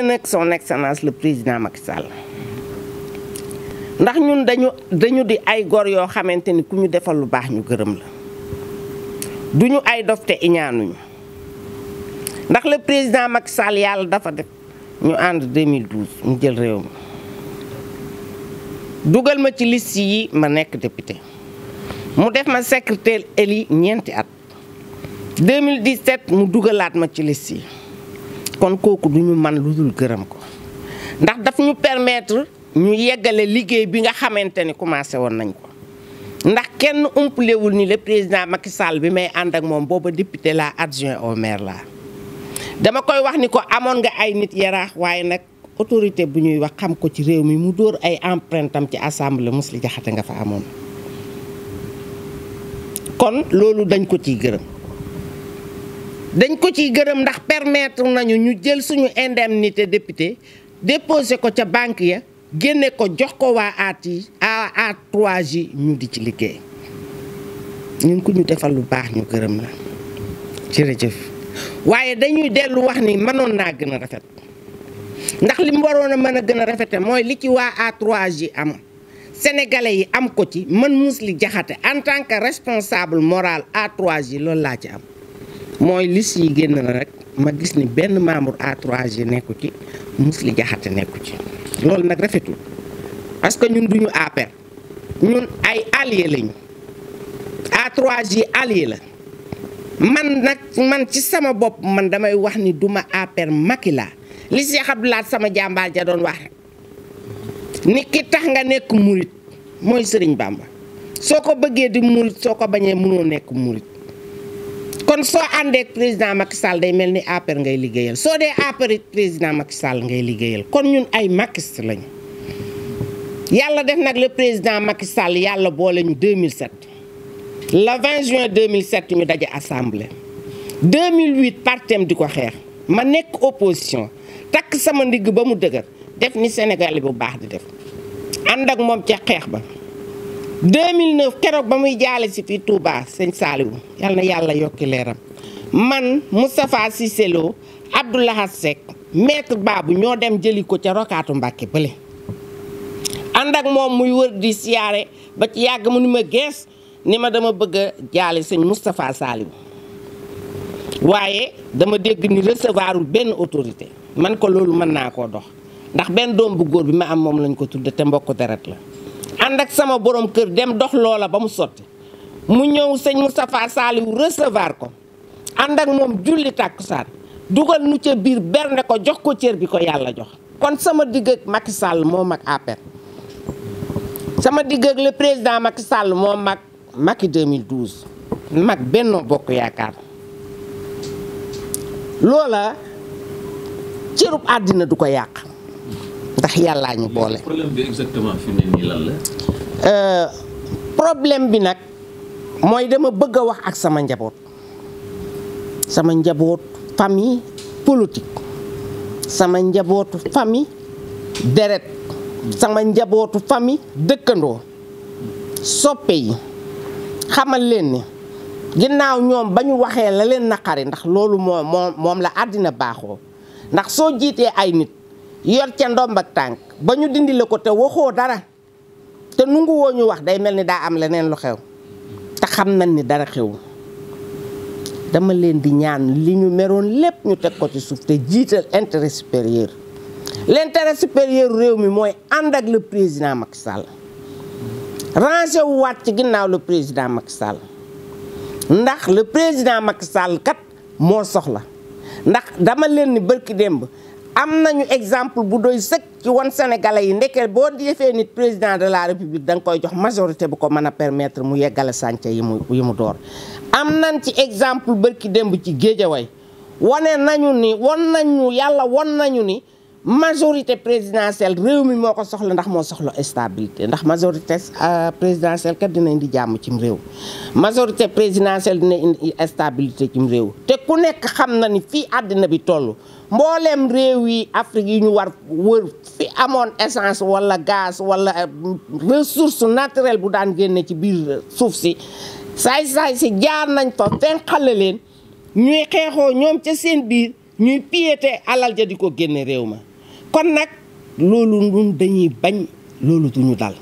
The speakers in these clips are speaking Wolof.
remercier nag son excellence le président Macky Sall ndax ñun dañu di ay gor yoo xamante ni ku ñu defal lu baax ñu gërëm la duñu ay dofte iñaanuñu ndax le président Macky Sall yàlla dafa def ñu ànd 2012 mu jël réew mi dugal ma ci liste yi ma nekk député mu def ma secrétaire élu ñeenti at 2017 mu dugalaat ma ci liste yi kon kooku du ñu man lu dul gërëm ko ndax dafa ñu permettre ñu yeggale liggéey bi nga xamante ni commencé woon nañ ko ndax kenn umpalewul ni le président Macky Sall bi may ànd ak moom booba député la adjoint au maire la dama koy wax ni ko amoon nga ay nit yaraax waaye nag autorité bu ñuy wax xam ko ci réew mi mu dóor ay empreinte ci ci assemblée Mously Diakhaté nga fa amoon kon loolu dañ ko ciy gërëm dañ ko ciy gërëm ndax permettre nañu ñu jël suñu indemnité député déposé ko ca banque ya génne ko jox ko waa aat yi a a ñu di ci liggéey ñun ko ñu defal lu baax ñu gërëm ci jërëjëf waaye dañuy dellu wax ni mënoon naa gën a rafet ndax li mu waroon a mën a gën a rafete mooy li ci waa A3J am sénégalais yi am ko ci mën man li Diakhaté en tant que responsable moral A3J loolu laa ci am mooy lis yi génn na rek ma gis ni benn membre A3G nekku ci Mously Diakhaté nekku ci loolu nag rafetul parce que ñun duñu APR e ñun ay allié lañu A3G allié la man nag man ci sama bopp man damay wax ni duma APR e Macky laa li Cheikh Abdoulaye sama jàmbaar ja doon wax ni ki tax nga nekk murit mooy Serigne Bamba soo ko bëggee di murit soo ko bañee mënoo nekk murit kon soo àndee président Macky Sall day mel ni APR ngay liggéeyal soo dee APR président Macky Sall ngay liggéeyal kon ñun ay Mackiste lañu yàlla def nag le président Macky Sall yàlla boole ñu 2007 le 20 juin 2007 ñu daje assemblée 2008 partem di ko xeex ma nekk opposition takk sama ndigg ba mu dëgër def ni sénégali bu baax di def ànd ak moom ca xeex ba. 2009 keroog ba muy jaale si fii Touba sëñ Saliou yal na yàlla yokki leeram man Moustapha Cissé Lo Abdoulaye Seck maître Babou ñoo dem jëli ko ca Rokaatu Mbàkke bële ànd ak moom muy wër di siyaare ba ci yàgg mu ni ma gees ni ma dama bëgg a jaale sëñ Moustapha Saliou waaye dama dégg ni recevoirul benn autorité man ko loolu mën naa koo dox ndax benn doom bu góor bi ma am moom lañ ko tudd te mbokk deret la ànd ak sama boroom kër dem dox loola ba mu sotti mu ñëw sëñ Moustapha Saliou recevoir ko ànd ak moom julli tàkkusaan dugal nu ca biir berne ko jox ko cër bi ko yàlla jox kon sama digg ak Macky Sall moo mag APR sama digg ak président Macky Sall moo mag Macky 2012 mag Benno Bokk Yaakaar loola cërub àddina du ko yàq ndax yàllaa ñu boole. problème bi euh, problème bi nag mooy dama bëgg a wax ak sama njaboot sama njaboot famille politique sama njabootu famille deret sama njabootu famille dëkkandoo soppe yi xamal leen ni ginnaaw ñoom ba ñu waxee la leen naqari ndax loolu moom la àddina baaxoo ndax soo jiitee ay nit. yor ca ndombak tànk ba ñu dindi la ko te waxoo dara te nungu woo ñu wax day mel ni daa am leneen lu xew te xam nañ ni dara xew dama leen di ñaan li ñu meroon lépp ñu teg ko ci suuf te jiital intérêt supérieur l'intérêt supérieur réew mi mooy ànd ak le président Macky Sall rangé wu waat ci ginnaaw le président Macky Sall ndax le président Macky Sall kat moo soxla ndax dama leen ni bërki démb am nañu exemple bu doy sëkk ci wan sénégalais yi ndeke boo defee nit président de la république da koy jox majorité bu ko mën a permettre mu yeggale sànce yi mu yi mu door am nañ ci exemple bërki bu ci géejaway wane nañu ni won nañu yàlla won nañu ni majorité présidentielle réew mi moo ko soxla ndax moo soxla stabilité ndax majorité euh, présidentielle kat dina indi jàmm cim réew majorité présidentielle dina indi stabilité cim réew te ku nekk xam na ni fii àddina bi toll mbooleem réew yi Afrique yi ñu war wër fi amoon essence wala gaz wala euh, ressource naturelle bu daan génne ci biir suuf si saay-saay si jaar nañ fa fenqale leen ñuy xeexoo ñoom ca seen biir ñuy piété alal ja di ko génne réew ma kon nag loolu nun dañuy bañ loolu dal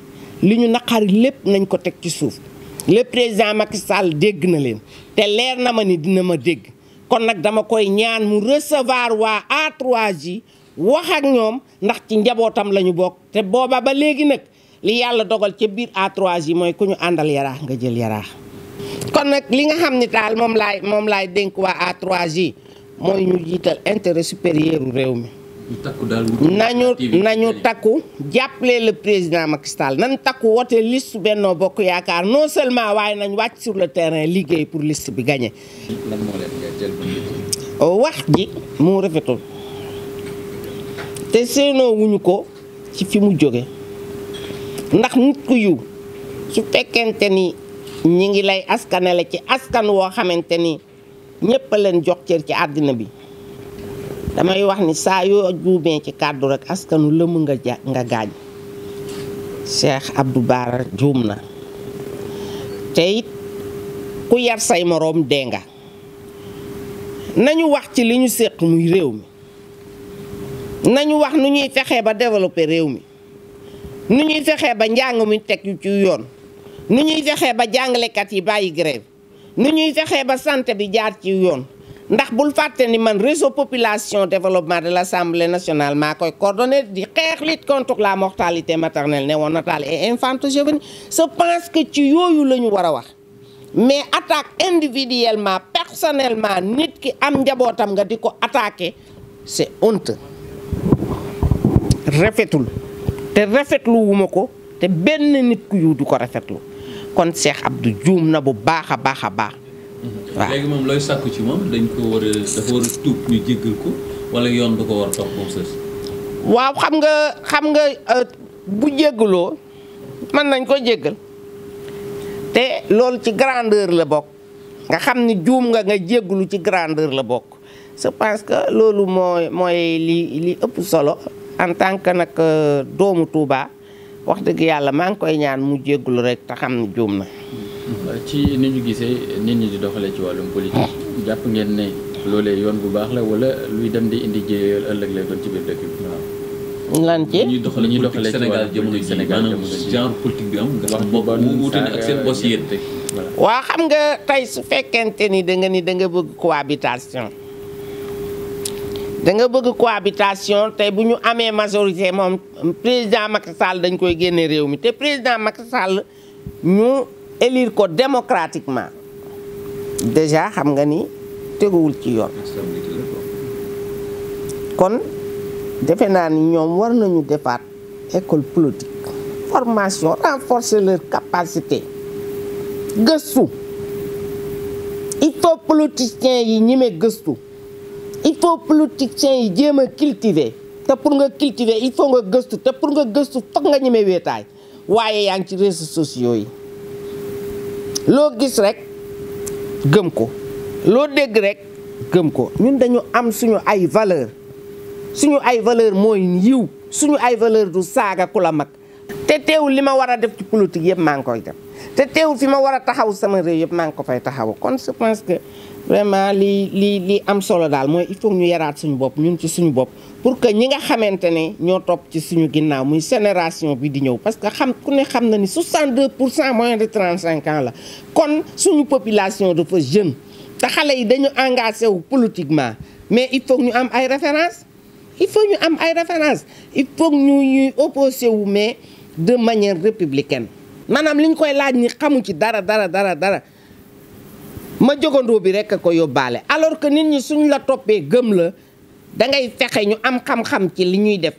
li ñu naqari lépp nañ ko teg ci suuf le président Macky Sall dégg na leen te leer na ma ni dina ma dégg kon nag dama koy ñaan mu recevoir waa A3J wax ñoom ndax ci njabootam la ñu bokk te booba ba léegi nag li yàlla dogal ca biir a 3 mooy ku ñu àndal yaraax nga jël yaraax kon nag li nga xam ne daal moom laay moom laay dénk waa a 3 mooy ñu jiital intérêt supérieur u réew mi nañu nañu takku jàppale le président Macky Sall nan takku wote liste Benno Bokk Yaakaar non seulement waaye nañ wàcc sur le terrain liggéey pour liste bi gagné. wax ji moo rafetul te seenoo ko ci fi mu jóge ndax nit ku yiw su fekkente ni ñi ngi lay askanale ci askan woo xamante ni ñëpp a leen jox cër ci àddina bi damay wax ni saa yoo juumee ci kàddu rek askanu lëmm nga ja nga gaañ Cheikh Abdou baar juum na tey ku yar say moroom dee nga nañu wax ci li ñu séq muy réew mi nañu wax nu ñuy fexe ba développer réew mi ni ñuy fexe ba njàng mi teg ci yoon ni ñuy fexe ba jàngalekat yi bàyyi grève ni ñuy fexee ba santé bi jaar ci yoon ndax bul fàtte ni man réseau population développement de l' assemblée nationale maa koy coordonné di xeex lutte contre la mortalité maternelle néonatale et infanto-juvénile je pense que ci yooyu la ñu war a wax mais attaque individuellement personnellement nit ki am njabootam nga di ko attaqué c' est honte rafetul te rafetlu wu ko te benn nit ku yu du ko rafetlu kon Cheikh Abdou Dioum na bu baax a baax a baax Mm-hmm. waaw léegi moom looy sàkku ci moom dañ koo war a dafa war tuub ñu jéggal ko wala yoon du ko war a topp moom sës. waaw xam nga xam nga euh, bu jéggaloo mën nañ ko jéggal te loolu ci grandeur la bokk nga xam ni juum nga nga jéggalu ci grandeur la bokk je pense que loolu mooy mooy li li ëpp solo en tant que nag euh, doomu tuubaa wax dëgg yàlla maa ngi koy ñaan mu jéggalu rek te xam ni juum na. ci ni ñu gisee nit ñi di doxalee ci wàllum politique jàpp ngeen ne loolee yoon bu baax la wala luy dem di indi jéeyal ëllëg lay doon ci biir dëkk bi. waaw lan ci ñuy doxalee Sénégal jamono ji maanaam genre politique bi am nga wax bopp xam nga tey su fekkente ni da nga ni danga bëgg cohabitation da nga bëgg cohabitation tey bu ñu amee majorité moom président Macky dañ koy génne réew mi te président Macky Sall ñu. élire ko démocratiquement déjà xam nga ni teguwul ci yoon kon defe naa ni ñoom war nañu defaat école politique formation renforcer leur capacité gëstu il faut politiciens yi ñime gëstu il faut politiciens yi jéem a cultiver te pour nga cultiver il faut nga gëstu te pour nga gëstu foog nga ñime wéetaay waaye yaa ngi ci réseaux sociaux yi loo gis rek gëm ko loo dégg rek gëm ko ñun dañu am suñu ay valeur suñu ay valeur mooy yiw suñu ay valeur du saaga ku la mag te teewul li ma war a def ci politique yëpp maa ngi koy def te teewul fi ma war a taxaw sama réew yëpp maa ngi ko fay taxaw kon je pense que vraiment li li li am solo daal mooy il faut ñu yaraat suñu bopp ñun ci suñu bopp pour que ñi nga xamante ni ñoo topp ci suñu ginnaaw muy sénération bi di ñëw parce que xam ku ne xam na ni 62 pour cent moins de 35 ans la kon suñu population de dafa jeune te xale yi dañu engagé wu politiquement mais il faut ñu am ay référence il faut ñu am ay référence il faut ñu ñuy opposé wu mais de manière républicaine maanaam liñ koy laaj ni xamu ci dara dara dara dara ma jogandoo bi rek a ko yóbbaale alors que nit ñi suñ la toppee gëm la da ngay fexe ñu am xam-xam ci li ñuy def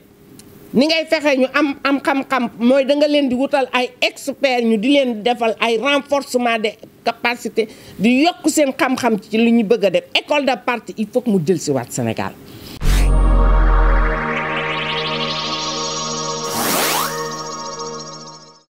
ni ngay fexe ñu am am xam-xam mooy da nga leen di wutal ay expert ñu di leen defal ay renforcement de capacité di yokk seen xam-xam ci li ñuy bëgg a def école de parti il faut mu jël si waat Sénégal